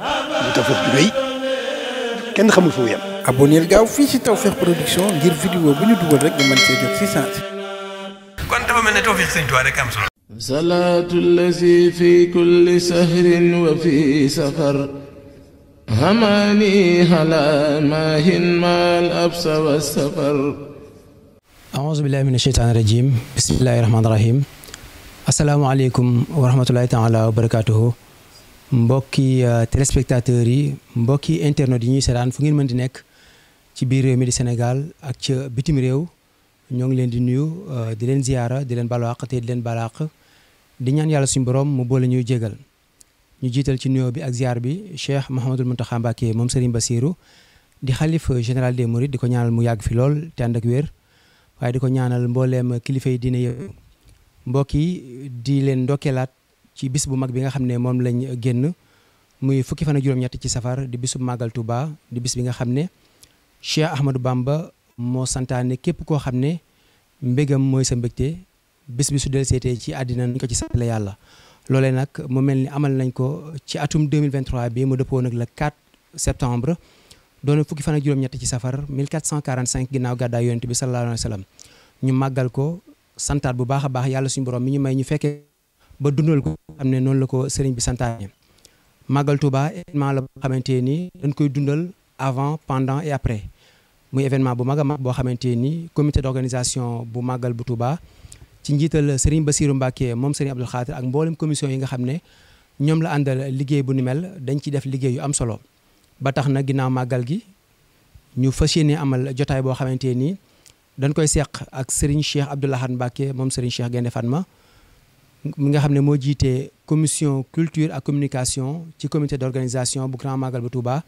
muy Tawfekh ju rëy kenn xamul fu mu yem. abonneel gaaw fii ci Tawfekh Production ngir vidéo bu ñu dugal rek nga mën see jot si sens. kon dafa mel ne Tawfekh Sëriñ Tuubaa rek am solo. salaatu lazi fi kulli sahrin wa fi safar. hamani ala mahin mal absa wa safar. aouzu billahi mina shaytaani rajim bismillahi rahmaani rahim. asalaamaaleykum wa rahmatulahi taala wa barakaatuhu. mbokki euh, téléspectateurs yi mbokki internet yi ñuy seetaan fu ngeen mën di nekk ci biir réew mi di Sénégal ak ci bitim réew ñoo ngi leen di nuyu euh, di leen ziyaara di leen balwaq te di leen balaq di ñaan yàlla suñu borom mu boole ñuy jégal ñu jiital ci nuyoo bi ak ziar bi Cheikh Mouhamadul Mountakha Mbacké moom Serigne Bassirou di xalif général de Mourides di ko ñaanal mu yàgg fi lool te ànd ak wér waaye di ko ñaanal mbooleem kilifa yi dina yëpp mbokk yi di leen ci bis bu mag bi nga xam ne moom lañ génn muy fukki fan ak juróom-ñett ci safar di bisu màggal Touba di bis bi nga xam ne Cheikh Ahmadou Bamba moo santaane képp koo xam ne mbégam mooy sa mbégte bis bi su del seetee ci àddina nañ ko ci santale yàlla loolee nag mu mel ni amal nañ ko ci atum 2023 bi mu dëppoo nag le 4 septembre doon fukki fan ak juróom-ñett ci safar 1445 ginnaaw gàddaay yonent bi sallallahu alayhi wa ñu màggal ko santaat bu baax a baax yàlla suñu borom mi ñu may ba dundal ko xam ne noonu la ko sëriñ bi santaane màggal Touba événement la boo xamante ni dañ koy dundal avant pendant et après muy événement bu mag a mag boo xamante ni comité d'organisation bu màggal bu Touba ci njiital sëriñ Bassirou Mbacké moom sëriñ Abdou Khadir ak mboolem commission yi nga xam ne ñoom la àndal liggéey bu ni mel dañ ci def liggéey yu am solo ba tax na ginnaaw màggal gi ñu fas yéene amal jotaay boo xamante ni dañ koy seq ak sëriñ Cheikh Abdou Lahad Mbacké moom sëriñ Cheikh Gaïndé mi nga xam ne moo jiitee commission culture ak communication ci comité d'organisation bu Grand Magal bu Touba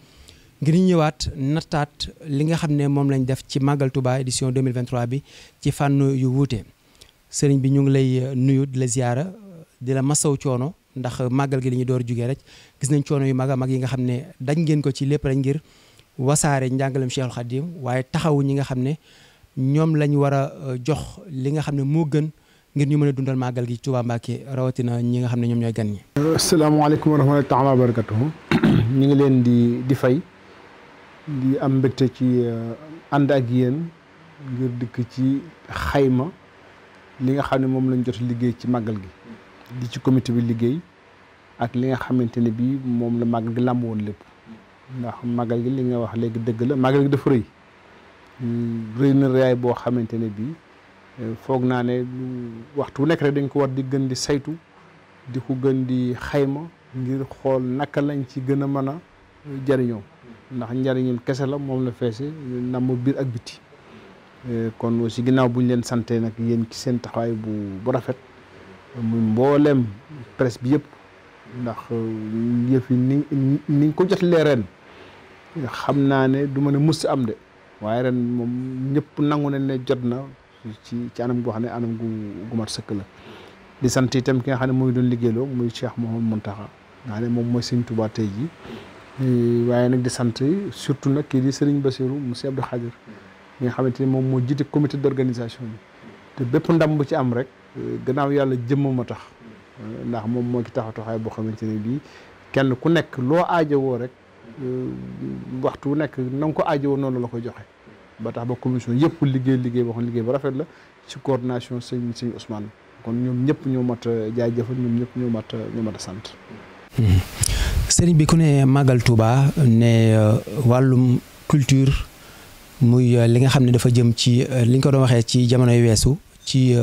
ngir ñëwaat nataat li nga xam ne moom lañ def ci Magal Touba édition 2023 bi ci fànn yu wuute sëriñ bi ñu ngi lay euh, nuyu di la ziyaara di la masaw coono ndax màggal gi li ñu door jugee rek gis nañ coono yu mag a mag yi nga xam ne dañ ngeen ko ci lépp rek ngir wasaare njàngalem Cheikhul Khadim waaye taxawu ñi nga xam ne ñoom lañ war a euh, jox li nga xam ne moo gën ngir ñu mën a dundal màggal gi Touba Mbacké rawatina ñi nga xam ne ñoom ñooy gan ñi. asalaamaaleykum wa rahmatullaahi taala wa barakatuhu ñu ngi leen di di fay di am mbégte ci uh, ànd ak yéen ngir dikk ci xayma li nga xam ne moom lañ jot liggéey ci màggal gi. di ci comité bi liggéey ak li nga xamante ne bii moom la màgg gi làmb woon lépp ndax màggal gi li nga wax léegi dëgg la màggal gi dafa rëy mm, rëy na rëyaay boo xamante ne bii. Euh, foog naa ne waxtu nekk dañ ko war di gën di saytu di ko gën di xayma ngir xool naka lañ ci gën a mën a euh, jariñoo ndax njariñul kese la moom la feese namm biir ak biti euh, kon aussi ginnaaw bu ñu leen sante nag yéen ci seen taxawaay bu bu rafet muy mbooleem presse bi yëpp ndax yëf yi ni niñ ko jotlee ren xam naa ne du ma ne mus am de waaye ren moom ñëpp nangu nañ ne jot na ci ci anam goo xam ne anam gu gu sëkk la di sant itam ki nga xam ne mooy doon liggéeyloo muy Cheikh Mouhamadou Mountakha nga xam ne moom mooy sëñ tey jii waaye nag di sant surtout nag kii di Serigne Bassirou monsieur Abdou Khadir mi nga xamante ni moom moo jiite comité d'organisation bi te bépp ndam bu ci am rek gannaaw yàlla jëmm ma tax ndax moom moo ci taxa taxaay boo xamante ne bii kenn ku nekk loo woo rek waxtu wu nekk na nga ko aajowoo noonu la ko joxe ba tax ba commission yëpp liggéey liggéey boo xam liggéey bu rafet la ci coordination sëñ sëñ Ousmane kon ñoom ñëpp ñoo mat jaajëfal ñoom ñëpp ñoo mat ñoo mat a sant. sëriñ bi ku ne Magal Touba ne euh, wàllum culture muy euh, li nga xam ne dafa jëm ci euh, li ñu ko doon waxee ci jamono weesu ci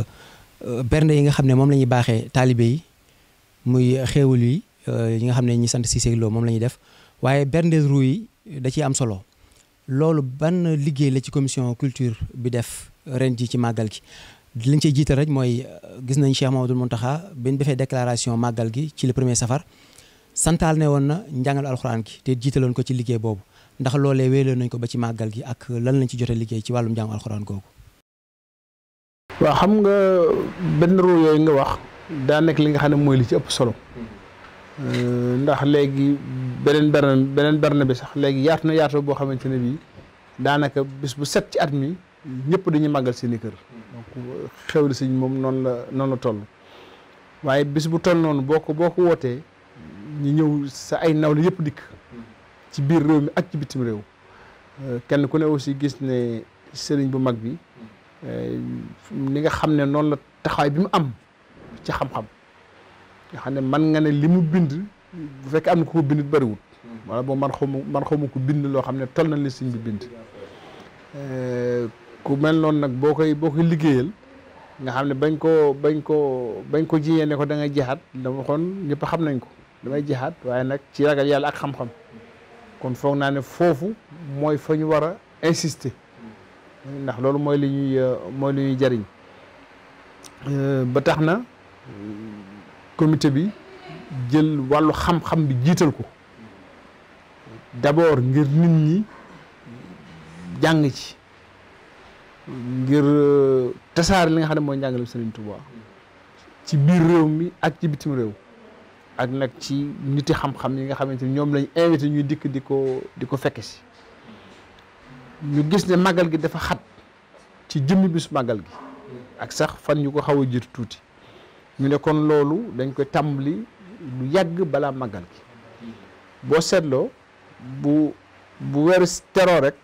bernde yi nga xam ne moom lañuy baaxee taalibe yi muy xéewal yi yi nga xam ne ñi sant si Lo moom la ñuy def waaye bernde ru yi da ciy am solo. loolu ban liggéey la ci commission culture bi def ren ji ci màggal gi liñ ciy jiital rek mooy euh, gis nañ Cheikh Mamadou Mountakha bi ñu defee déclaration màggal gi ci le premier safar santaal ne woon na njàngal alxuraan gi te jiitaloon ko ci liggéey boobu ndax loolee wéyloon nañ ko ba ci màggal gi ak lan lañ ci jotee liggéey ci wàllum njàng alxuraan googu. waaw xam nga benn rôle yooyu nga wax daa nekk li nga xam ne mooy li ci ëpp solo hmm. euh, beneen berne beneen berne bi sax léegi yaatu na yaatoo boo xamante ne bii daanaka bis bu set ci at mi ñëpp dañuy màggal seen i kër. donc xewli si moom noonu la noonu la toll. waaye bis bu toll noonu boo ko boo ko wootee ñu ñëw sa ay nawle yëpp dikk. ci biir réew mi ak ci bitim réew. Euh, kenn ku ne aussi gis ne sëriñ bu mag bi ni euh, nga xam ne noonu la taxawaay bi mu am ci xam-xam nga xam ne man nga ne li mu bind. bu fekkee am na ko bind bëriwul. wala boobu man xawma man xawma ko bind loo xam ne toll na li sëñ bi bind. Euh, ku mel noon nag boo koy boo koy liggéeyal nga xam ne bañ koo bañ koo bañ ko jiyee ne ko da ngay jeexaat dama xoon ñëpp xam nañ ko damay jeexaat waaye nag ci ragal yàlla ak xam-xam kon foog naa ne foofu mooy fa ñu war a insisté ndax loolu mooy li ñuy mooy li jariñ euh, ba tax na commité bi jël wàllu xam-xam bi jiital ko d'abord ngir nit ñi jàng ci ngir euh, tasaare li nga xam ne mooy njàngale Serigne Touba ci biir réew mi ak ci bitim réew ak nag ci niti xam-xam yi nga xamante ni ñoom lañ invité ñuy dikk di ko di ko fekke si ñu gis ne màggal gi dafa xat ci jëmmi bis màggal gi ak sax fan ñu ko xaw a jiitu tuuti ñu ne kon loolu dañ koy tàmbali lu yàgg balaa màggal gi boo seetloo bu bu weeru teroo rek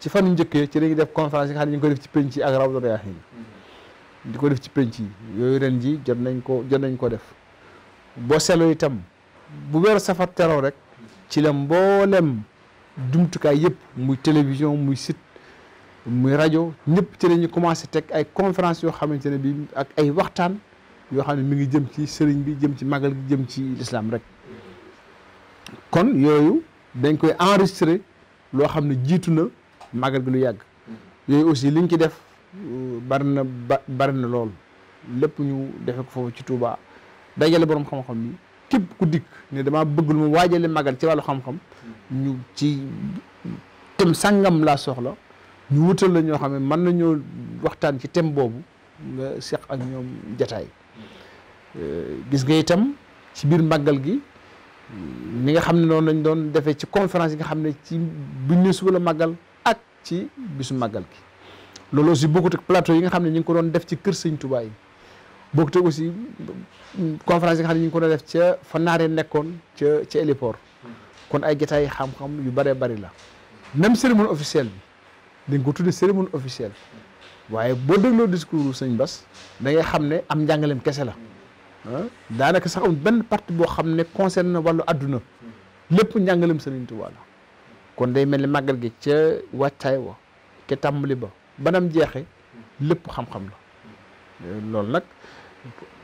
ci fan njëkkee ci dañuy def conférence yi nga ñu ngi def ci penc yi ak rawatou Rayaahin ko def ci penc yi yooyu ren ji jot nañ ko jot nañ ko def boo seetloo itam bu weeru safar teroo rek ci la mboolem jumtukaay yëpp muy télévision muy sit muy rajo ñëpp ci la ñu commencé teg ay conférence yoo xamante ne bi ak ay waxtaan yoo xam ne mi ngi jëm ci sëriñ bi jëm ci màggal gi jëm ci lislaam rek kon yooyu dañ koy enregistré loo xam ne jiitu na màggal gi lu yàgg yooyu aussi liñ ci def euh, bari na ba na lool lépp ñu defe ko foofu ci Touba dajale borom xam-xam yi képp ku dikk ne damaa bëgg lu mu waajale màggal ci wàllu xam-xam ñu ci tem sàngam laa soxla ñu wutal la ñoo xam ne mën na nañoo waxtaan ci tem boobu nga seq ak ñoom jataay gis nga itam ci biir màggal gi ni nga xam ne noonu lañ doon defee ci conférence yi nga xam ne ci buñ ne suba la màggal ak ci bisu màggal gi loolu aussi bokkut ak plateau yi nga xam ne ñu ngi ko doon def ci kër sëñ Tuubaa yi aussi conférence yi ne ñu ngi ko doon def ca fa naaree nekkoon ca ca héliport kon ay jataay xam-xam yu bëree bari la même cérémonie officielle bi dañ ko tuddee cérémonie officielle waaye boo dégloo discours sëñ bas da ngay xam ne am njàngaleem kese la daanaka sax amul benn partie boo xam ne na wàllu adduna lépp njàngalem Sëriñ Tuubaa la kon day mel ni màggal gi ca wàccaay wa ca tàmbali ba banam jeexe lépp xam-xam la loolu nag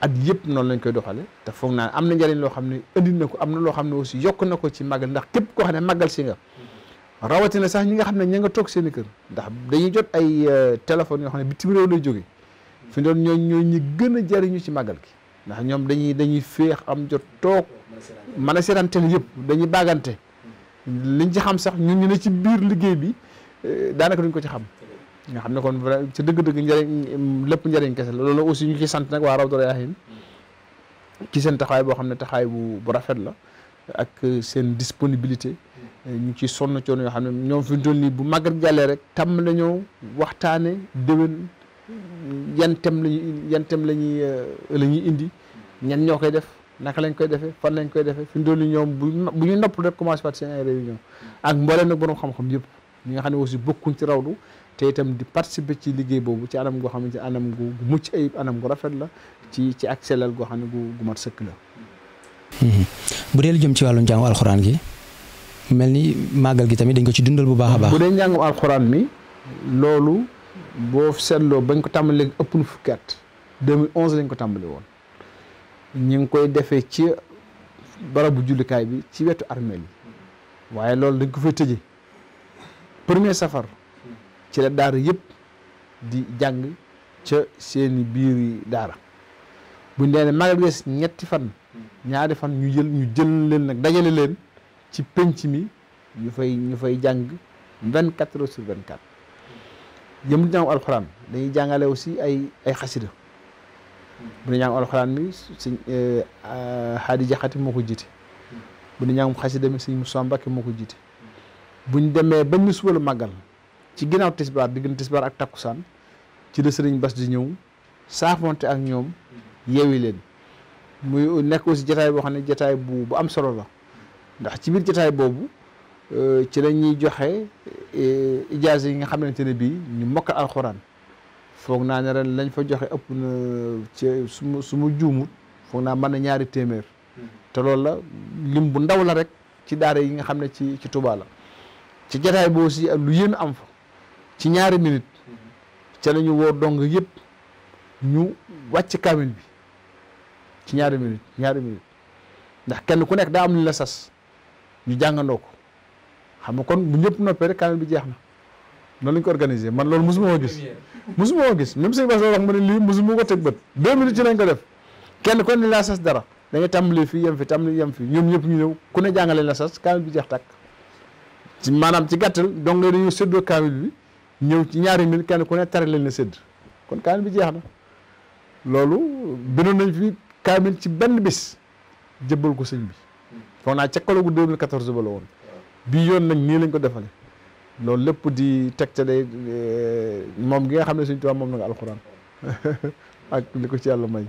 at yëpp noonu lañ koy doxale te foog naa am na njariñ loo xam ne indi na ko am na loo xam ne aussi yokk na ko ci màggal ndax képp koo xam ne màggal si nga rawatina sax ñi nga xam ne ña nga toog seen i kër ndax dañuy jot ay euh, téléphones yoo xam ne bitim réew lay jóge fi doon ñooñ ñooy ñi gën a jariñu ci màggal gi ndax ñoom dañuy dañuy féex am jot toog mën a seetaan yëpp dañuy bàggante liñ ci xam sax ñun ñu ne ci biir liggéey bi eh, daanaka duñ ko ci xam nga xam ne kon ci dëgg-dëgg njëriñ lépp njëriñ kese la loolu aussi ñu ci sant nag waa Rawdu Rayaahiin ci seen taxaay boo xam ne taxaay bu bu rafet la ak seen disponibilité ñu ci sonn coono yoo xam ne ñoom fi mu nii bu màggat jàllee rek tàmm nañoo waxtaane déwén yan thème la yan thème la ñuy euh, la ñuy indi ñan ñoo koy def naka lañ koy defee fan lañ koy defee fi mu doon ñoom bu ñu nopp rek commencé waat seen ay réunion ak mbooleem nag borom xam-xam yëpp ñi nga xam ne aussi bokkuñ ci raw du te itam di participer ci liggéey boobu ci anam goo xam ne anam gu mucc ayib anam gu rafet la ci ci ak sellal goo xam ne gu gu mat sëkk la. Hmm. bu dee lu jëm ci wàllu njàngu alxuraan gi mel ni màggal gi tamit dañ ko ci dundal bu baax a baax. bu dee njàngu alxuraan mi loolu. boo seetloo bañ ko tàmbali léegi ëpp na fukki at 2011 lañ ko tàmbali woon ñu ngi koy defee ci barabu jullikaay bi ci wetu armeel yi waaye loolu dañ ko fay tëjee premier safar ci la daara yëpp di jàng ca seeni biir yi daara buñ dee ne magal des ñetti fan ñaari fan ñu jël ñu jël leen nag dajale leen ci penc mi ñu fay ñu fay jàng vingt quatre heures sur vingt quatre yëmul jàng alxuraan dañuy jàngale aussi ay ay xasida bu ñu jàng alxuraan mi sëñ Xaadi euh, Jaxate moo ko jiite bu ñu jàngum xasida mi mu Musaa Mbàkke moo ko bu ñu demee ba mu ñu subalu màggal ci ginnaaw tisbaar diggante tisbaar ak takku saan ci la sëriñ Bas di ñëw saafonte ak ñoom yeewi leen muy nekk aussi jataay boo xam ne jataay bu bu am solo la ndax ci biir jataay boobu euh, ci la ñuy joxe Eh, ijaasa yi nga xamante ne bii ñu mokk alxuraan foog naa ne ren lañ fa joxe ëpp na ci su ma foog naa mën na ñaari téeméer te loolu la lim bu ndaw la rek ci daara yi nga xam ne ci ci Tuubaa ci jataay bi aussi lu yéen am fa ci ñaari minute ca la ñu woo dong yëpp ñu wàcc kaamil bi ci ñaari minute ñaari minute ndax kenn ku nekk daa am lu la sas ñu jàngandoo ko xam nga kon bu ñëpp noppee rek kaamil bi jeex na noonu lañ ko organisé man loolu mosuma ko gis mosuma ko gis même sëñ Bass wax ma ne lii mosuma ko teg bët deux minutes ci ko def kenn kon ni laa sas dara da ngay tàmbali fii yem fi tàmbali yem fi ñoom ñëpp ñu ñëw ku ne jàngale la sas kaamil bi jeex tàkk ci maanaam ci gàttal donc la dañuy séddoo kaamil bi ñëw ci ñaari mil kenn ku ne tari leen la sédd kon kaamil bi jeex na loolu bindoon nañ fi kaamil ci benn bis jëbbal ko sëñ bi foog naa ca kalogu 2014 ba la woon bii yoon nañ nii lañ ko defale loolu lépp di teg tegtale euh, moom gi nga xam ne suñ tubaab moom na nga alxuraan ak li ko ci yàlla may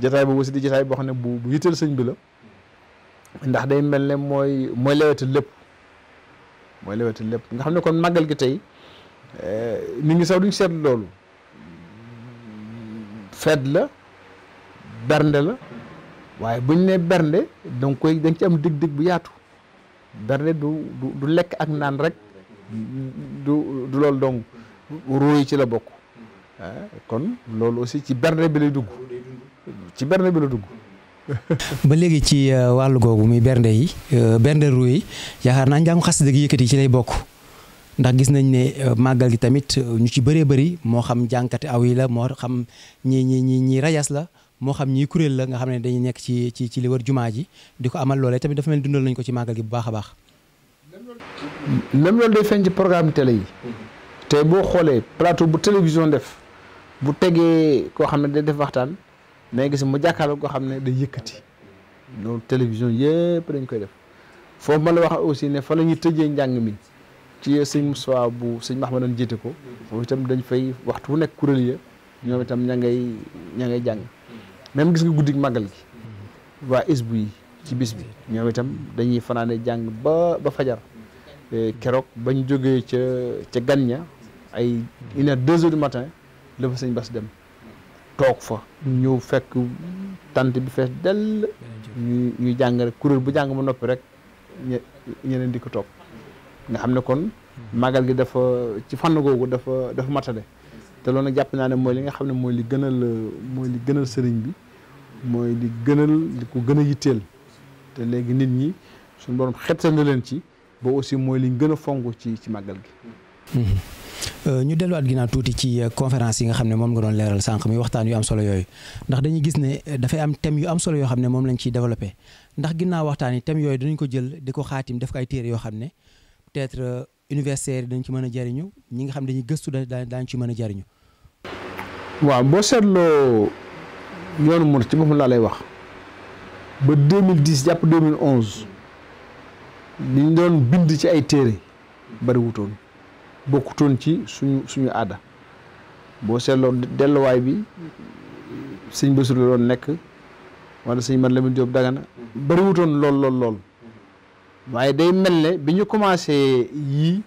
jataay boobu si di jataay boo xam ne bu bu yitteel sëñ bi la ndax day mel ne mooy mooy lewetal lépp mooy lewetal lépp nga xam ne kon màggal gi tey euh, nit ngi sax duñ seet loolu feet la bernde la waaye buñ ne bernde danga koy da nga ci am dig-dig bu yaatu bernde du du lekk ak naan rek du du loolu dong ruuy ci la bokk ah, kon loolu aussi ci bernde bi lay dugg ci bernde bi la dugg ba léegi ci euh, wàll googu muy bernde yi euh, bernde ruuy yaakaar naa njàngu xasida gi yëkkati ci lay bokk ndax gis nañ ne euh, màggal gi tamit ñu ci bëree bëri moo xam jànkati aw yi la moo xam ñii ñi ñii ñi rajas la moo xam ñii kuréel la nga xam ne dañuy nekk ci ci ci li wër jumaa ji di ko amal loolee tamit dafa mel dundal nañ ko ci màggal gi bu baax a baax. même loolu day feeñ programme télé yi. Hmm. te boo xoolee plateau bu télévision def bu tegee koo xam ne day def waxtaan mais gis mu jàkkaarloo koo xam ne day yëkkati loolu télévision yëpp dañ koy def foofu ma la wax aussi ne fa la ñuy tëjee njàng mi ci sëñ Moussa bu sëñ Mahmadan jiite ko. foofu itam dañ fay waxtu bu nekk kuréel ya ñoom itam ña ngay ña ngay jàng. même gis nga guddik màggal gi waa isbu yi ci bis bi ñoom itam dañuy fanaane jàng ba ba fajar eh, keroog ba ñu jógee ca ca gan ña ay une heure deux heures du matin la fa bas dem toog fa ñëw fekk tant bi fees dell ñu ñuy jàng rek kuréel bu jàng ba noppi rek ñeneen di ko toog nga xam ne kon màggal gi dafa ci fànn googu dafa dafa matale te loolu jàpp naa ne mooy li nga xam ne mooy li gënal mooy li gënal sëriñ bi mooy di gënal di ko gën a yitteel te léegi nit ñi suñu borom xettal na leen ci boo aussi mooy liñ gën a fonk ci ci màggal gi. Hmm. Euh, ñu delluwaat ginnaaw tuuti ci euh, conférence yi nga xam ne moom nga doon leeral sànq mi waxtaan yu am solo yooyu ndax dañuy gis ne euh, dafay am thème yu am solo yoo xam ne moom lañ ciy développé ndax ginnaaw waxtaan yi thème yooyu dinañ ko jël di ko xaatim def kay téere yoo xam ne peut-être universitaires yi ci mën a jariñu ñi nga xam dañuy gëstu daañu ci mën a jariñu. waaw boo seetloo yoonu murit ci boppam laa lay wax ba 2010 jàpp 2011 li ñu doon bind ci ay téere bariwutoon bokkutoon ci suñu suñu aada boo seetloo delluwaay bi sëñ Bassirou la doon nekk wala sëñ man Lamine Diop Dagana bari wutoon lool lool lool waaye day mel ne bi ñu commencé yii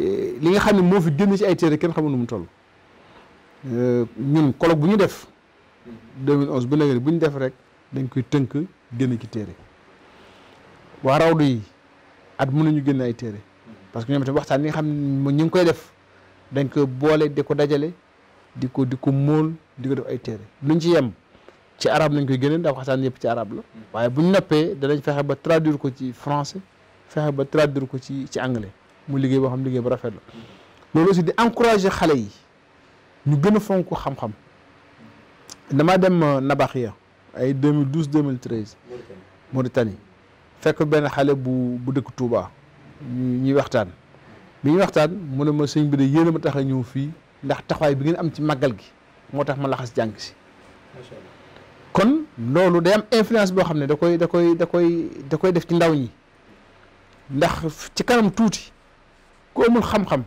eh, li nga xam ne moo fi génn ci ay téere kenn xamul mu toll eh, ñun colloque bu ñu def 2011 ba léegi bu ñu def rek dañ koy tënk génn ci téere waa raw yi at mun mënuñu génn ay téere parce que ñoom itam waxtaan yi nga xam ne ñu ngi koy def dañ koy boole di ko dajale di ko di ko móol di ko def ay téere luñ ci yem ci arab nañ koy génne ndax waxtaan yëpp ci arab la waaye buñ noppee danañ fexe ba traduire ko ci français fexe ba traduire ko ci ci anglais mu liggéey boo xam liggéey bu rafet la loolu aussi di encourager xale yi ñu gën a fonk xam-xam damaa dem euh, nabax ya ay 2012 2013. Mauritanie fekk benn xale bu bu dëkk Touba. ñuy waxtaan. bi ñuy waxtaan mu ne ma sëñ bi de yéen ma tax a ñëw fii ndax taxawaay bi ngeen am ci màggal gi moo tax ma laxas jàng si. kon loolu day am influence boo xam ne da koy da koy da koy da koy def ci ndaw ñi ndax ci kanam tuuti ku amul xam-xam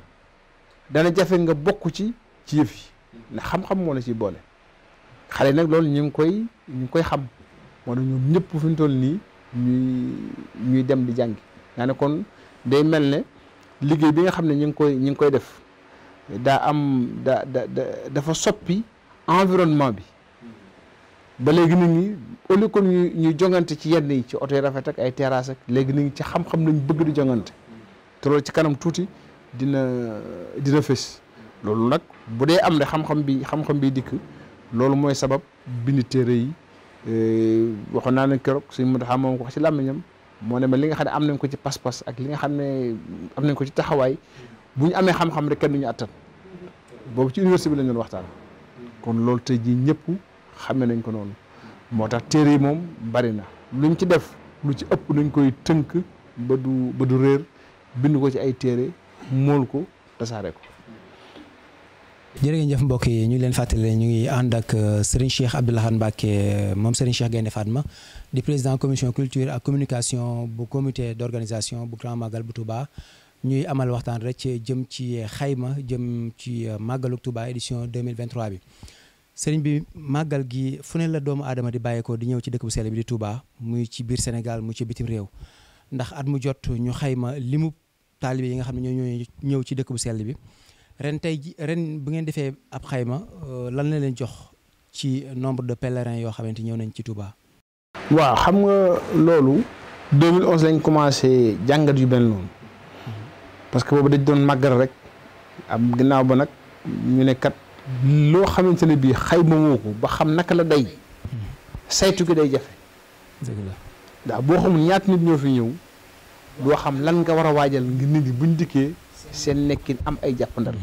dana jafe nga bokk ci ci yëf yi ndax xam-xam moo la ciy boole. xale nag loolu ñu ngi koy ñu ngi koy xam moo tax ñëpp fi toll nii ñuy dem di jàngi yaa ne kon day mel ne liggéey bi nga xam ne ñu ngi koy ñu ngi koy def daa am da da dafa soppi environnement bi ba léegi nit ñi au lieu ñu ñuy jongante ci yenn yi ci oto yi rafet ak ay terrasse ak léegi nit ñi ci xam-xam lañ bëgg di jongante te loolu ci kanam tuuti dina dina fës loolu nag bu dee am ne xam-xam bi xam-xam bi dikk loolu mooy sabab bind téere yi eh, waxoon naa leen keroog suñu mu taxaw moom ko wax ci làmmiñam moo ne ma li nga xam ne am nañ ko ci pas ak li nga xam ne am nañ ko ci taxawaay bu ñu amee xam-xam rek kenn duñu attan boobu ci université bi lañ doon waxtaan kon loolu tey jii ñëpp xame nañ ko noonu moo tax téere yi moom bari na luñ ci def lu ci ëpp dañ koy tënk ba du ba réer bind ko ci ay téere mool ko tasaare ko jërëjëf jëf mbokk yi ñu leen fàttali ñu ngi ànd ak euh, Serigne Cheikh Abdou Lahad Mbacké moom Serigne Cheikh Gaïndé Fatma di président commission culture ak communication bu comité d'organisation bu Grand Magal bu Touba ñuy amal waxtaan rek ci jëm ci xayma jëm ci euh, màggalu Touba édition 2023 bi sëriñ bi màggal gi fu ne la doomu aadama di bàyyeekoo di ñëw ci dëkk bu sell bi di Touba muy ci biir Sénégal muy ci bitim réew ndax at mu jot ñu xayma limu taalibe yi nga xam ne ñoo ñëw ci dëkk bu bi ren tey ji ren bu ngeen defee ab xayma euh, lan la leen jox ci nombre de pèlerins yoo xamante ñëw nañ ci Touba. waaw xam nga loolu 2011 lañ commencé jàngat yu benn noonu parce que boobu dañ doon màggal rek am ginnaaw ba nag ñu ne loo xamante ne bii xayma woo ko ba xam naka la day saytu gi day jafe. dëgg la ndax boo xamul ñaata nit ñoo fi ñëw doo xam lan nga war a waajal ngir nit ñi buñ dikkee. seen nekkin am ay jàppandal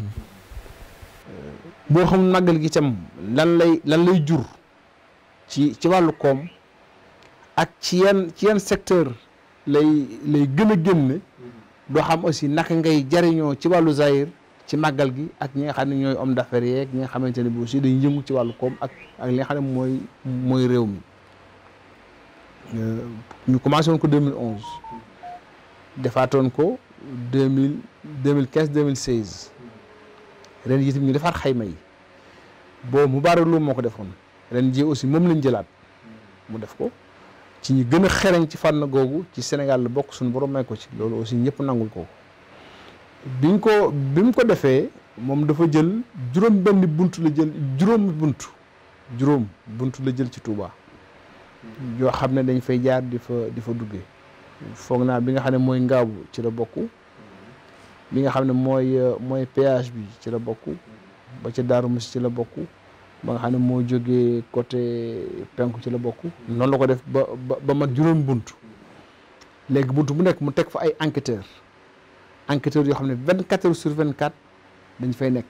boo xam màggal gi tam lan lay lan lay jur ci ci wàllu koom ak ci yan ci yan secteur lay lay gën a génn doo xam aussi naka ngay jariñoo ci wàllu zahir ci màggal gi ak ñi nga xam ne ñooy homme d'affaires yeeg ñi nga xamante ne bi aussi day yëngu ci wàllu koom ak ak li nga xam ne mooy mooy réew mi euh, ñu commencé woon ko defaatoon ko 2015 2016 ren yi itam ñu defaat xayma yi boobu Moubarack Lo moo ko defoon ren ji aussi moom lañ jëlaat mu def ko ci ñu gën a xereñ ci fànn googu ci Sénégal la bokk suñu borom may ko ci loolu aussi ñëpp nangul ko biñ ko bi mu ko defee moom dafa jël juróom benn bunt la jël juróom bunt juróom bunt la jël ci Touba yoo xam ne dañ fay jaar di fa di fa foog naa bi nga xam ne mooy ngaabu ci la bokk mi nga xam ne mooy euh, mooy péage bi ci la bokk ba ci Daaru Musi ci la bokk ba nga xam ne moo jógee côté penku ci la bokk noonu la ko def ba ba mat juróom bunt léegi bunt bu nekk mu teg fa ay enquêteur enquêteurs yoo xam ne vingt quatre heures sur vingt quatre dañ fay nekk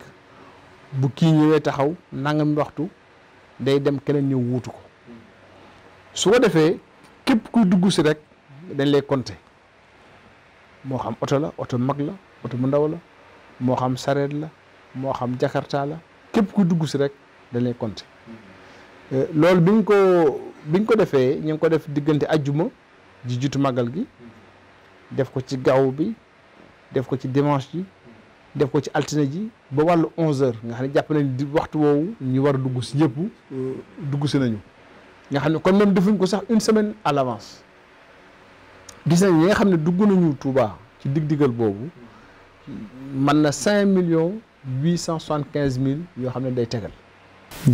bu kii ñëwee taxaw nangam waxtu day dem keneen ñëw wuutu ko soo defee képp kuy dugg si rek dañ lay conté moo xam oto la oto mag la oto bu ndaw la moo xam sareet la moo xam jakarta la képp ku dugg si rek dañuy compter euh, loolu biñ ko biñ ko defee ñu ngi ko def diggante ajjuma ji jiitu màggal gi def ko ci gaaw bi def ko ci dimanche ji def ko ci altine ji ba wàllu onze heures nga xam ne jàpp nañ di waxtu woowu ñu war a dugg si ñëpp euh, dugg si nañu nga xam ne kon defuñ ko sax une semaine à l'avance gis nga xam ne dugg nañu Touba ci dig-digal boobu man na cinq millions huit cent soixante quinze mille yoo xam ne day tegal.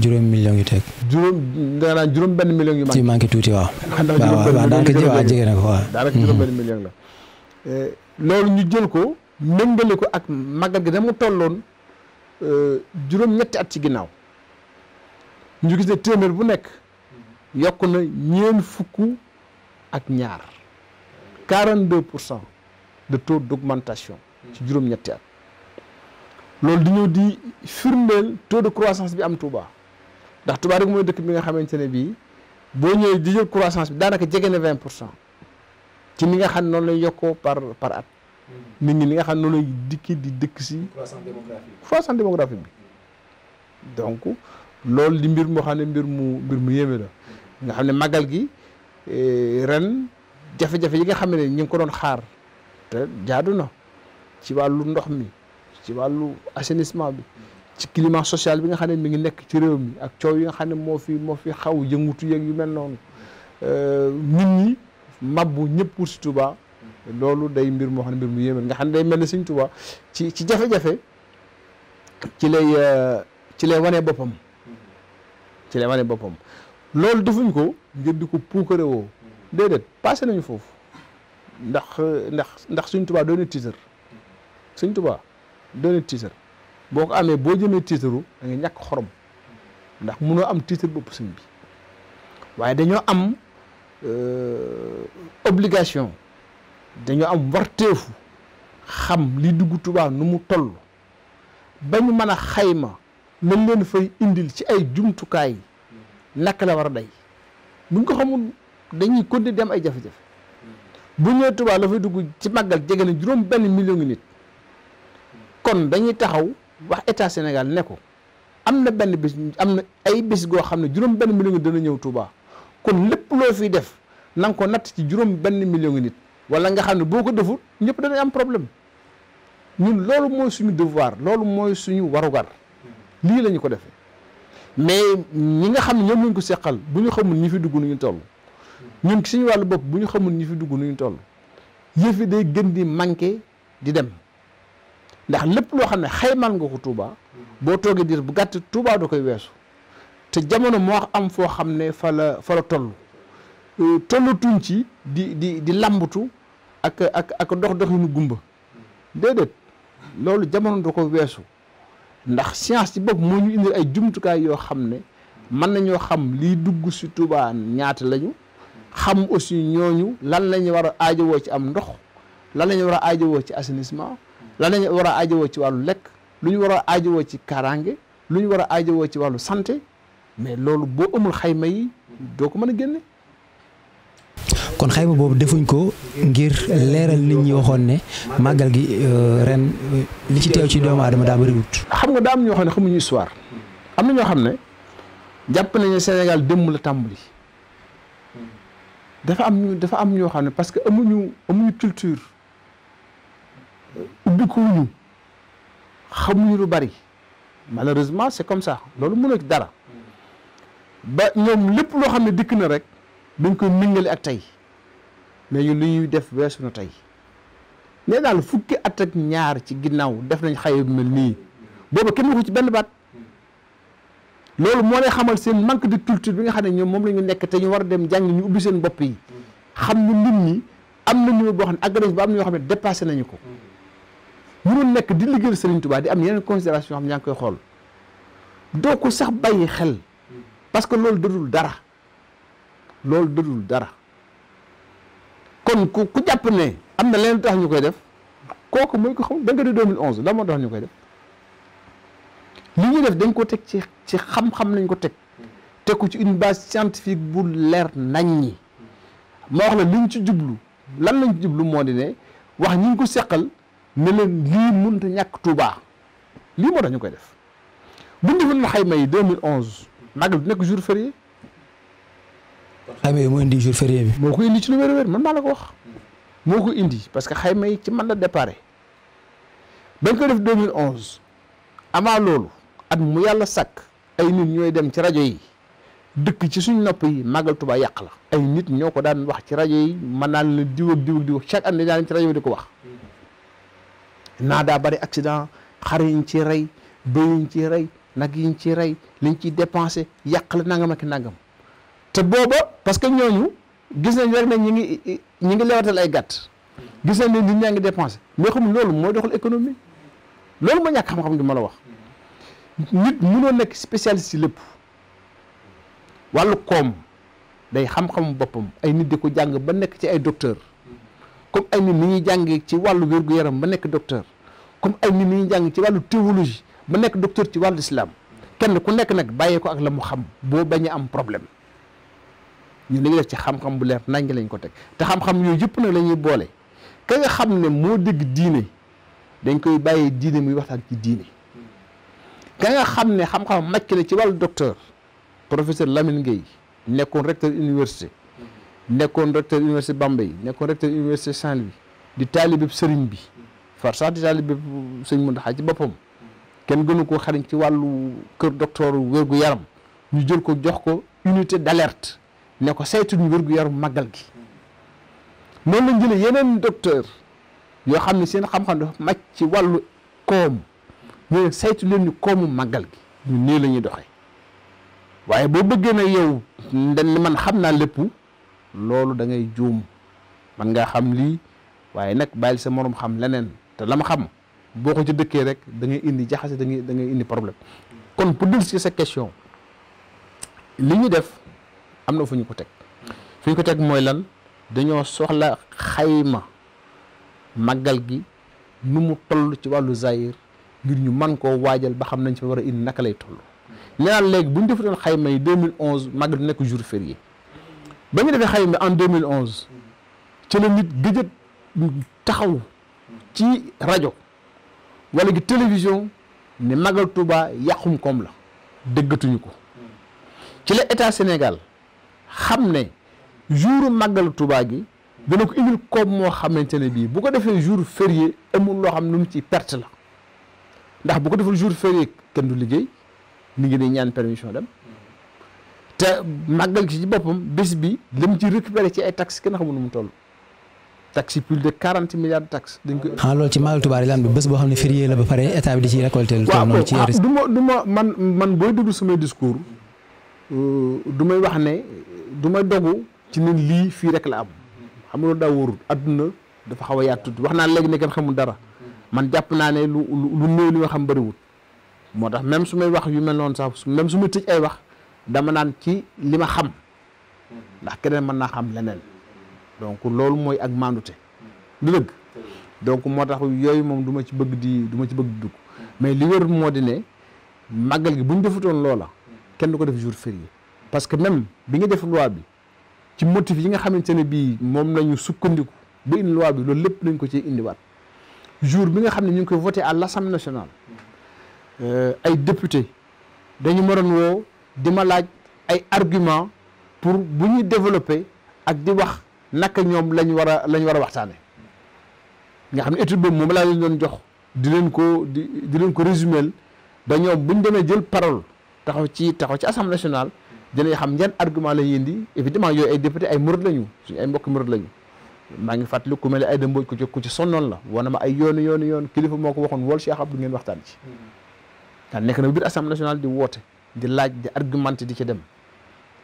juróom millions yu teg. juróom nga juróom benn millions yu. manqué ci tuuti waaw. waaw waaw daanaka ji waaw jege na ko waaw. Mm-hmm. Eh, loolu ñu jël ko méngale ko ak magal gi dama tolloon eh, juróom ñetti at ci ginnaaw ñu gis ne téeméer bu nekk yokk na ñeen fukk ak ñaar quarante deux pour cent de taux d' augmentation. ci juróom-ñetti at loolu di ñëw di firndeel taux de croissance bi am Touba ndax Touba rek mooy dëkk bi nga xamante ne bii boo ñëwee di jël croissance bi jege na vingt pour cent ci ni nga xam noonu lay yokkoo par par at hmm. nit ñi ni nga xam noonu lay dikki di dëkk si croissance démographique bi donc loolu di mbir moo xam ne mbir mu mbir mu yéeme la nga xam ne magal gi eh, ren jafe-jafe yi nga xam ne ñu ngi ko doon xaar te jaadu na ci wàllu ndox mi ci wàllu assainissement bi ci climat social bi nga xam ne mi ngi nekk ci réew mi ak coow yi nga xam ne moo fi moo fi xaw yëngutu yeeg yu mel noonu euh, nit ñi mabbu ñëpp wut si loolu day mbir moo xam ne mbir mu yéeme nga xam ne day mel ne Sëñ Touba ci ci jafe-jafe ci lay euh, ci lay wane boppam ci lay wane boppam loolu defuñ ko ngir di ko puukare woo déedéet passé nañu foofu ndax ndax ndax Sëñ Touba doon na tiitar suñ Tuubaa doone tiitar boo ko amee boo jëmee tiitaru da nga ñàkk xorom ndax munoo am tiitar bopp sëñ bi waaye dañoo am euh, obligation dañoo am warteefu xam li dugg Tuubaa nu mu ba bañ mën a xayma lañ leen fay indil ci ay jumtukaay naka la war a day buñ ko xamul dañuy kon continuer dem ay jafe-jafe bu ñëwee Tuubaa la fay dugg ci màggal jege na juróom benn million ngi nit kon dañuy taxaw wax état Sénégal ne ko am na benn bis am na ay bis goo xam ne juróom benn million dana ñëw Touba kon lépp loo fiy def na ko natt ci juróom benn million nit wala nga xam ne boo ko deful ñëpp danañ am problème ñun loolu mooy suñu devoir loolu mooy suñu warugar lii la ñu ko defee mais ñi nga xam ne ñoom ñu ko seqal bu ñu xamul ñu fi dugg nuñu ñu toll ñun suñu wàllu bopp bu ñu xamul ñu fi dugg nuñu ñu toll day gën di manqué di dem. ndax lépp loo xam ne xaymal nga ko Touba boo toogee diir bu gàtt Touba da koy weesu te jamono moo am foo xam ne fa la fa la toll euh, tollatuñ ci di di di lambatu ak ak ak dox dox gumba déedéet loolu jamono da ko weesu ndax science ci bopp moo ñu indil ay jumtukaay yoo xam ne mën nañoo xam lii dugg si Touba ñaata lañu xam aussi ñooñu lan la ñu war a aajowoo ci am ndox lan la war a aajowoo ci assainissement. la lañ war a ajowoo ci wàllu lekk lu ñu war a ajowoo ci kaaraange lu ñu war a ajowoo ci wàllu santé mais loolu boo amul xayma yi doo ko mën a génne kon xayma boobu defuñ ko ngir leeral li ñi waxoon ne màggal gi euh, ren euh, li ci teew ci doomu aadama daa bëriwut xam nga daa am ñoo xam ne xamuñu histoire am na ñoo xam ne jàpp nañu Sénégal démb la tàmbali dafa am dafa am ñoo xam ne parce que amuñu amuñu culture ubbi ko wuñu xamuñu lu bari malheureusement c'est comme ça loolu mënoo ci dara ba ñoom lépp loo xam ne dikk na rek dañ ko méngale ak tey mais ñun li ñuy def weesu suñu tey nee daal la fukki at ak ñaar ci ginnaaw def nañ xaye bu mel nii booba kenn waxu ci benn baat loolu moo lay xamal seen manque de culture bi nga xam ne ñoom moom la ñu nekk te ñu war a dem jàng ñu ubbi seen bopp yi xam ne nit ñi am na ñu boo xam ne agrégé bi am na ñoo xam ne dépassé nañu ko mënul nekk di liggéeyal Serigne tubaab di am yeneen considération yoo xam ñaa ngi koy xool doo ko sax bàyyi xel parce que loolu dëdul dara loolu dëdul dara kon ku ku jàpp ne am na leen tax ñu koy def kooku mooy ko xam da nga di 2011 la moo tax ñu koy def li ñuy def dañ ko teg ci ci xam-xam lañ ko teg teg ko ci une base scientifique bu leer nañ ñi moo wax la liñ ci jublu lan lañ ci jublu moo di ne wax ñu ngi ko seqal ne leen lii mënta ñàkk Touba lii moo tax ñu koy def buñ defoon xayma yi 2011 magal du nekk jour férié. kon xayma yi moo indi jour férié bi. moo ko indi ci lu wér wér man maa la ko wax. moo ko indi parce que xayma yi ci man la départ bañ ko def 2011 avant loolu at mu yàlla sàkk ay nit ñooy dem ci rajo yi dëkk ci suñ nopp yi màggal Tuubaa yàq la. ay nit ñoo ko daan wax ci rajo yi mën naan la diw ak diw ak diw chaque année daan ci rajo yi di ko wax. naa daa bari accident xar yiñ ci rey bëy ci rey nag yiñ ci rey lañ ciy dépensé yàq la nangam ak nangam te booba parce que ñooñu gis nañ rek ne ñi ngi ñi ngi lewatal ay gàtt gis nañ ne nit ñaa ngi dépensé mais loolu mooy doxal économie loolu moo ñàkk xam-xam gi ma la wax nit mënoo nekk spécialiste ci lépp wàllu koom day xam-xamu boppam ay nit di ko jàng ba nekk ci ay docteur comme ay nit ni jàngee ci wàllu wér-gu-yaram ba nekk docteur comme ay nit ni ñuy jàng ci wàllu théologie ba nekk docteur ci wàllu islam kenn ku nekk nag bàyyee ko ak la mu xam boo bañ am problème ñun li ñu def ci xam-xam bu leer nangi lañ ko teg te xam-xam yooyu yëpp nag lañuy ñuy boole ka nga xam ne moo dégg diine dañ koy bàyyee diine muy waxtaan ci diine ka nga xam ne xam-xam màcc na ci wàllu docteur professeur lamin Gueye nekkoon recteur université nekkoon recteur université Bambey nekkoon recteur université Saint-Louis di taalibeb sëriñ bi far sax di taalibeb sëñ Mountakha ci boppam kenn gënu ko xariñ ci wàllu kër docteur wérgu yaram ñu jël ko jox ko unité d'alerte ne ko saytu ñu wérgu yaram màggal gi noonu lañ jëlee yeneen docteur yoo xam ne seen xam-xam ci wàllu koom ñu saytu leen ñu koomu màggal gi ni nii la waaye boo bëggee na yow dañ man xam naa lépp loolu da ngay juum man ngaa xam lii waaye nag bàyyil sa moroom xam leneen te la ma xam boo ko ci dëkkee rek dangay indi jaxase da ngay da ngay indi problème kon pour si sa question li ñu def am na fu ñu ko teg fu ñu ko teg mooy lan dañoo soxla xayma màggal gi nu mu toll ci wàllu zahir ngir ñu man koo waajal ba xam nañ ci war a indi naka lay toll lenaan léegi bu ñu defutoon xayma yi 2011 màggal du nekk jour yi ba ñu defee xayma en 2011 ci la nit gëj a taxaw ci rajo wala gi télévision ne magal Touba yàqum koom la déggatuñu ko ci la état Sénégal xam ne jouru magal Touba gi dana ko indil koom moo xamante ne bii bu ko defee jour férié amul loo xam nu mu ci perte la ndax bu ko deful jour férié kenn du liggéey mi ni ne ñaan permission dem te màggal ci boppam bés bi lim ci récupéré ci ay taxes kenn xamul nu mu toll. taxes yi de quarante milliards de taxes. dañ ko ah, ci màggal Tuubaa lan bi boo xam ne férié ba pare état bi di ci récolté. lu toll noonu ci risque ah, ma man man booy déglu samay discours. Euh, may wax ne du may dogu ci ne lii fii rek la am xam nga loolu daa adduna dafa xaw a yaatu wax naa léegi ne kenn xamul dara man jàpp naa ne lu lu néew li nga xam bëriwul moo tax même su may wax yu mel noonu sax même su ma tëj ay wax. dama naan ci li ma xam hmm. ndax keneen mën naa xam leneen donc loolu mooy ak mandute du donc moo tax yooyu moom duma ci bëgg di du ci bëgg dugg mais li wér moo di ne màggal gi bu ñu defutoon loola kenn du ko def jour yi parce que même bi nga def loi bi ci motif yi nga xamante ne bii moom nañu sukkandiku ba indi loi bi loolu lépp nañ ko ci indiwaat jour bi nga xam ne ñu ngi koy voté à l'Assemblée nationale euh, ay député dañu maroon woo di ma laaj ay argument pour bu ñuy développer ak di wax naka ñoom lañ war a lañ war a nga xam ne étude boobu moom laa leen jox di leen ko di di leen ko résumer ba ñoom bu ñu demee jël parole taxaw ci taxaw ci assemblée nationale dinañ xam yan argument la ñuy indi évidemment yooyu ay député ay murid lañu suñu ay mbokki murid lañu maa ngi fàttali ku mel ne Aïda Mbodj ku ci ku ci sonnoon la wana ma ay yoonu yoonu yoonu kilifa moo ko waxoon wol Cheikh Abdou ngeen waxtaan ci. Mm-hmm. daan nekk na biir assemblée national di woote. di laaj di argumenté di ci dem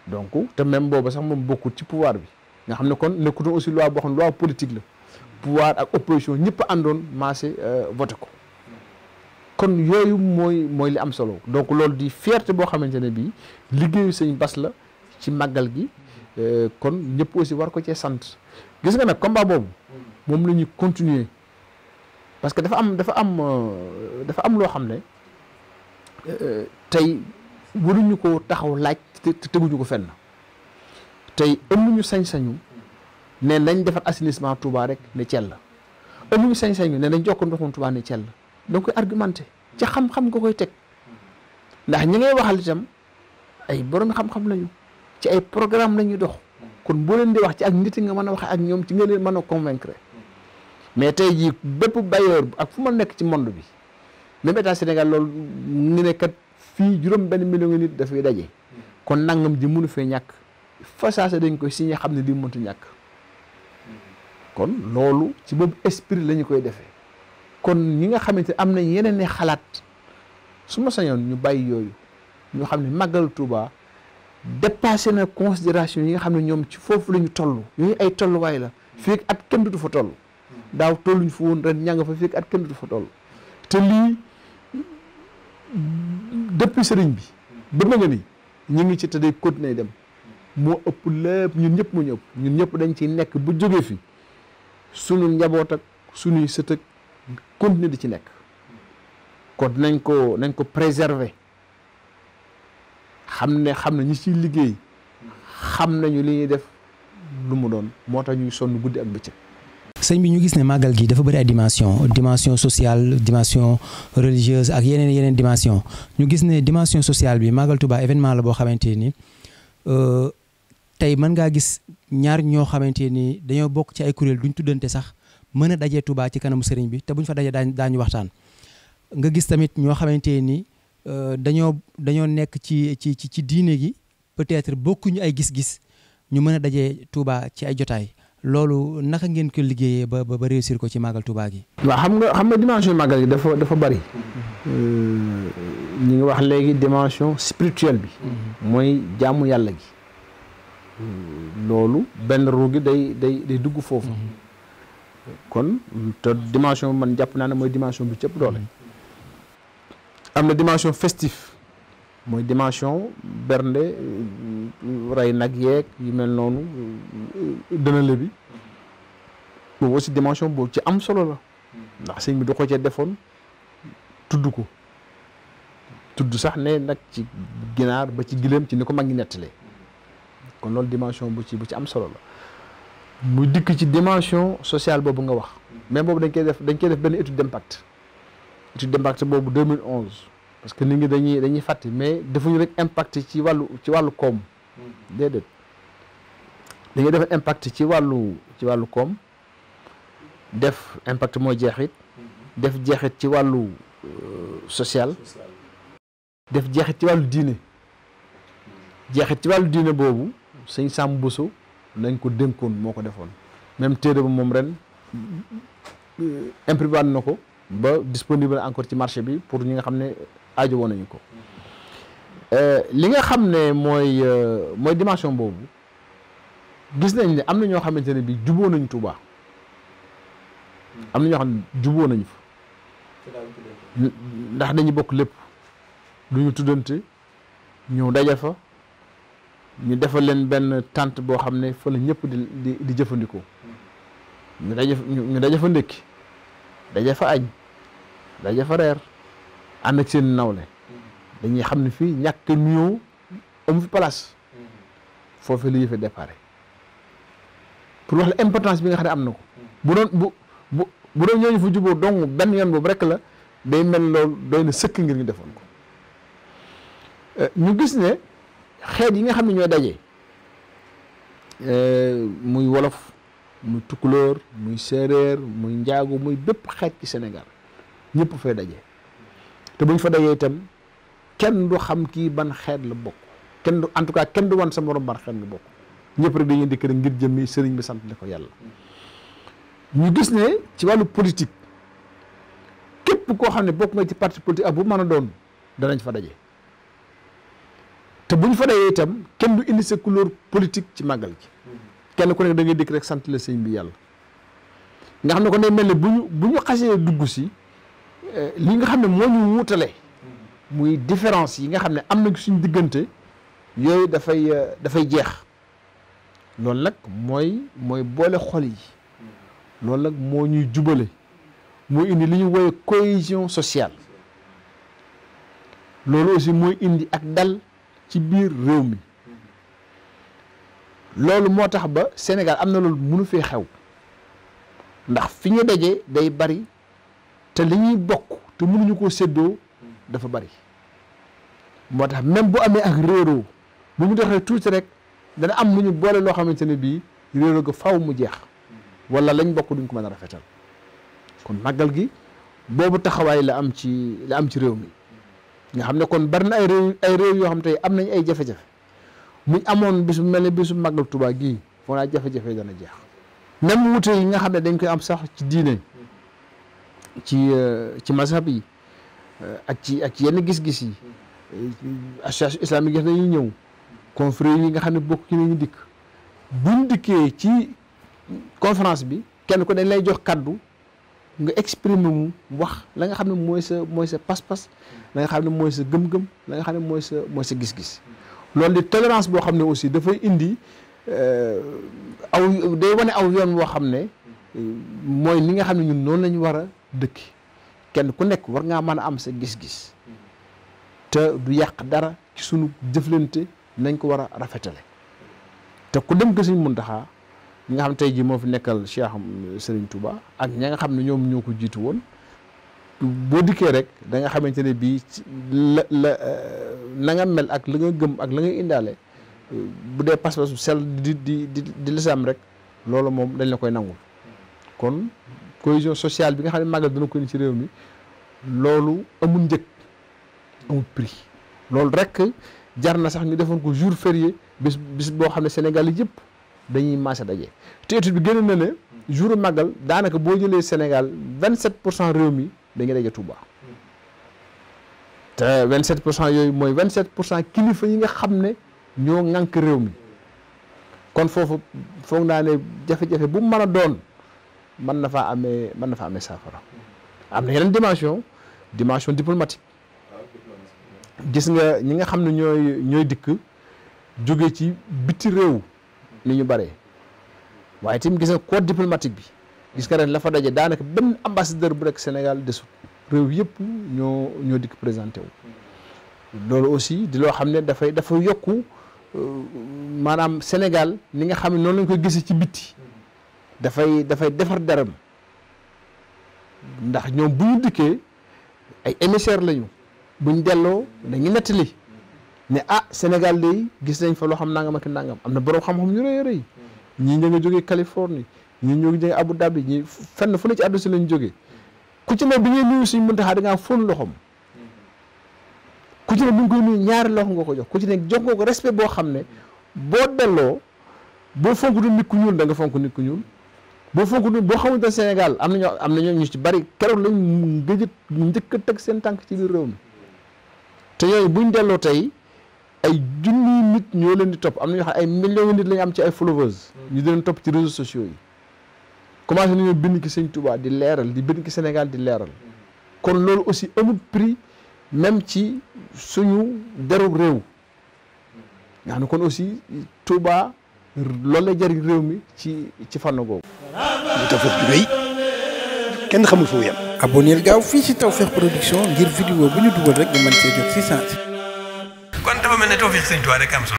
donc te même booba sax moom bokkul ci pouvoir bi nga xam ne kon nekkutoon aussi loi boo xam ne loi politique la pouvoir ak opposition ñëpp àndoon maasé euh, voté ko kon yooyu mooy mooy li am solo donc loolu di fierté boo xamante ne bii liggéeyu sëñ Bass la ci màggal gi euh, kon ñëpp aussi war ko cee sant gis nga nag combat boobu moom la ñuy continuer parce que dafa am dafa am euh, dafa am loo xam ne tey waruñu ko taxaw laaj te teguñu ko fenn tey amuñu sañ-sañu ne nañ defar assainissement Touba rek ne Thiel la amuñu sañ-sañu ne nañ jokk ndoxum Touba ne Thiel la da nga koy argumenté ci xam-xam nga koy teg ndax ñi ngay waxal itam ay borom xam lañu ci ay programme lañuy dox kon boo leen di wax ci ak nit nga mën a waxee ak ñoom ci nga leen mën a convaincre mais tey jii bépp bu ak fu ma nekk ci monde bi même état Sénégal loolu ñu ne kat. fii juróom benn million nit dafay daje kon nangam ji mënu fee ñàkk fa saasa dañ koy signé xam ne di mëntu ñàkk kon loolu ci boobu esprit lañu koy defee kon ñi nga xamante am nañ yeneen ne xalaat su ma sañoon ñu bàyyi yooyu ñu xam ne màggal Tuuba dépassé na considération yi nga xam ne ñoom ci foofu lañu ñu toll yooyu ay tolluwaay la fii ak at kenn du fa toll daaw tolluñ fa woon ren ña nga fa fii ak at kenn du fa toll te lii depuis sëriñ bi ba nga ni ñu ngi ci te day nay dem moo ëpp lépp ñun ñëpp moo ëpp ñun ñëpp dañ ciy nekk bu jógee fi sunu njaboot ak sunuy sët ak continuer di ci nekk kon nañ ko nañ ko préserver xam ne xam ne ñi ciy liggéey xam nañu li ñuy def lu mu doon moo tax ñuy sonn guddi ak bëccëg sëñ bi ñu gis ne màggal gi dafa bari ay dimension dimension sociale dimension religieuse ak yeneen yeneen dimension ñu gis ne dimension sociale bi màggal Tuubaa événement la boo xamante ni euh, tey mën ngaa gis ñaar ñoo xamante ni dañoo bokk ci ay kuréel duñ tuddante sax mën a dajee Tuubaa ci kanamu sëriñ bi te buñ fa dajee daañu daañu waxtaan nga gis tamit ñoo xamante ni euh, dañoo dañoo nekk ci ci ci diine gi peut-être bokkuñu ay gis-gis ñu mën a daje Tuubaa ci ay jotaay loolu naka ngeen ko liggéeyee ba ba réussir ko ci màggal Touba gi. waaw xam nga xam nga dimension màggal gi dafa dafa bari mm-hmm. euh, ñu ngi wax léegi dimension spirituelle bi. Mm-hmm. mooy jàmm yàlla gi. Euh, loolu benn ruugi day day day dugg foofu. Mm-hmm. kon te dimension man jàpp naa ne mooy dimension bi cëpp doole. am na dimension festif. mooy dimension bernde rey nag yeeg yu mel noonu dënale bi boobu aussi dimension boobu ci am solo la ndax sëñ bi da ko cee defoon tudd ko tudd sax ne nag ci ginaar ba ci gileem ci ni ko mag ñi nettalee kon loolu dimension bu ci bu ci am solo la mu dikk ci dimension sociale boobu nga wax mais boobu dañ koy def dañ koy def benn étude d'impact étude d'impact boobu 2011 parce que ni ñi dañuy dañuy fàtte mais defuñu rek impact ci wàllu ci wàllu koom. Mm-hmm. déedéet def impact ci wàllu ci wàllu koom def impact mooy jeexit. Mm-hmm. def jeexit ci wàllu euh, social. def jeexit ci wàllu diine. jeexit ci wàllu diine boobu sëñ sàmm Bousso nañ ko dénkoon moo ko defoon même téere ba moom ren euh, imprimé na ko ba disponible encore ci marché bi pour ñi nga xam ne. aajo woon nañu ko euh, li nga xam ne mooy euh, mooy dimension boobu gis nañ ni am na ñoo xamante ne bi juboo nañ Touba am na ñoo xam ne juboo nañ fa ndax dañu bokk lépp du ñu tuddante ñëw daja fa ñu defal leen benn tànt boo xam ne fa la ñëpp di di di jëfandikoo ñu daje ñu daje fa ndékki daje fa añ daje fa reer ànd ak seen nawle dañuy xam ne fii ñàkk a nuyoo amu fi place foofee la yëfe déparé pour wax la importance bi nga xam ne am na ko bu doon bu bu bu doon ñooñu fa juboo dong benn yoon boobu rek la day mel loolu doy na sëkk ngir ñu defoon ko euh, ñu gis ne xeet yi nga xam ne ñooy daje euh, muy wolof muy tukulóor muy séeréer muy njaago muy bépp xeet ci Sénégal ñëpp fay daje te ñu fa dajee itam kenn du xam kii ban xeet la bokk kenn du en tout cas kenn du wan sa morom ban xeet la bokk ñëpp rek dañuy dikk rek ngir jëmmi sëriñ bi sant na ko yàlla ñu gis ne ci wàllu politique képp koo xam ne bokk nga ci parti politique ak bu mën a doon danañ fa daje te buñ fa dajee itam kenn du indi sa couleur politique ci màggal gi kenn ku nekk da dikk rek sant la sëñ bi yàlla nga xam ne ko day mel ne bu ñu bu ñu xasee dugg si Euh, li nga xam ne moo ñu wutale muy différence yi nga xam ne am na suñ diggante yooyu dafay euh, dafay jeex loolu nag mooy mooy boole xol yi loolu nag moo ñuy jubale moo indi li ñu woowee cohésion sociale loolu aussi mooy indi ak dal ci biir réew mi loolu moo tax ba Sénégal am na loolu mënu fee xew ndax fi ñu dajee day bari te li ñuy bokk te mënuñu koo séddoo dafa bari moo tax même bu amee ak réeroo bu mu doxee tuuti rek dana am lu ñu boole loo xamante ne bii réeroo ga faw mu jeex wala lañ bokk duñ ko mën a rafetal kon màggal gi boobu taxawaay la am ci la am ci réew mi nga xam ne kon bari na réew ay réew yoo xam tey am nañ ay jafe-jafe muñ amoon bisu mel ne bisu màggal Tuubaa gii foo naa jafe-jafe jeex même wute yi nga xam ne dañ koy am sax ci diine ci euh, ci mazhab yi euh, ak ci ak yenn gis-gis yi euh, association islamique yi nañu ñëw confrérie yi nga xam ne bokk ci nañu dikk buñ dikkee ci conférence bi kenn ko dañ lay jox kàddu nga exprimer mu wax la nga xam ne mooy sa mooy sa pas-pas la nga xam ne mooy sa gëm-gëm la nga xam ne mooy sa mooy sa gis-gis loolu di tolérance boo xam ne aussi dafay indi aw day wane aw yoon boo xam ne mooy li nga xam ne ñun noonu la war a dëkki kenn ku nekk war ngaa mën a am sa gis-gis te du yàq dara ci sunu jëflante nañ ko war a rafetale te ku dem gësuñ Muntaxa ñi nga xam tey jii moo fi nekkal Cheikh Serigne Touba ak ña nga xam ne ñoom ñoo ko jiitu woon boo dikkee rek da nga xamante ne bii la la na nga mel ak la nga gëm ak la nga indaale bu dee pas-pasu sel di di di di lislaam rek loolu moom dañ la koy nangul kon cohésion sociale bi nga xam ne màggal dana ko indi ci réew mi loolu amul njëg amul prix loolu rek jar na sax ñu defoon ko jour férié bis bis boo xam ne Sénégal yëpp dañuy maase daje te étude bi gën na ne jour màggal daanaka boo jëlee Sénégal vingt 27 pour cent réew mi dañuy daje Touba. te 27 pour cent yooyu mooy vingt 27 pour cent kilifa yi nga xam ne ñoo ŋànk réew mi kon foofu foog naa ne jafe-jafe bu mu a doon. man na faa amee mën na amee saafara am na yeneen dimension dimension diplomatique gis nga ñi nga xam ne ñooy ñooy dikk jóge ci biti réew ni ñu bare waaye tamit gis nga code diplomatique bi gis nga ren la fa daje daanaka benn ambassadeur bu rek Sénégal desut réew yëpp ñoo ñoo dikk présenté wu loolu aussi di loo xam ne dafay dafa yokku euh, maanaam Sénégal ni nga xam ne noonu lañ koy gisee ci bitti dafay dafay defar deram ndax ñoom bu ñu dikkee ay émissaire lañu buñ delloo dañu nettali ne ah Sénégal de gis nañ fa loo xam nangam ak nangam am na boroom xam-xam ñu rëy ñii ñu ngi jógee Californie ñii ñu ngi jógee Abu Dhabi ñii fenn fu ne ci àdduna si lañ jógee ku ci ne bi ñuy nuyu suñu muntaxaa da ngaa fóon loxom ku ci ne bu koy nuyu ñaari loxo ngoo ko jox ku ci ne jox nga ko respect boo xam ne boo delloo boo fonk du nit ku ñuul da nga fonk nit ku ñuul. boo foog ñu boo xamante Sénégal am nañu am nañu ñu ci bari keroog lañ gëj a njëkk a teg seen tànk ci biir réew mi te yooyu buñ delloo tey ay junniy nit ñoo leen di topp am na ñoo xam ay millions nit lañ am ci ay followers. Mm. ñu di leen topp ci réseaux sociaux yi. commencé nañoo bind ki sëñ Touba di leeral di bind ki Sénégal di leeral. kon loolu aussi amul prix même ci suñu derub réew. Mm. nga xam ne kon aussi tuuba loolu lay jëriñ réew mi ci ci fànn googu. muy Tawfekh jugee kenn xamul foo yem. abonneel gaaw fii ci Tawfekh production ngir vidéo bu ñu dugal rek nga mën see jot si sens. kon dafa mel ne Tawfekh Sëriñ Tuubaa rek am solo.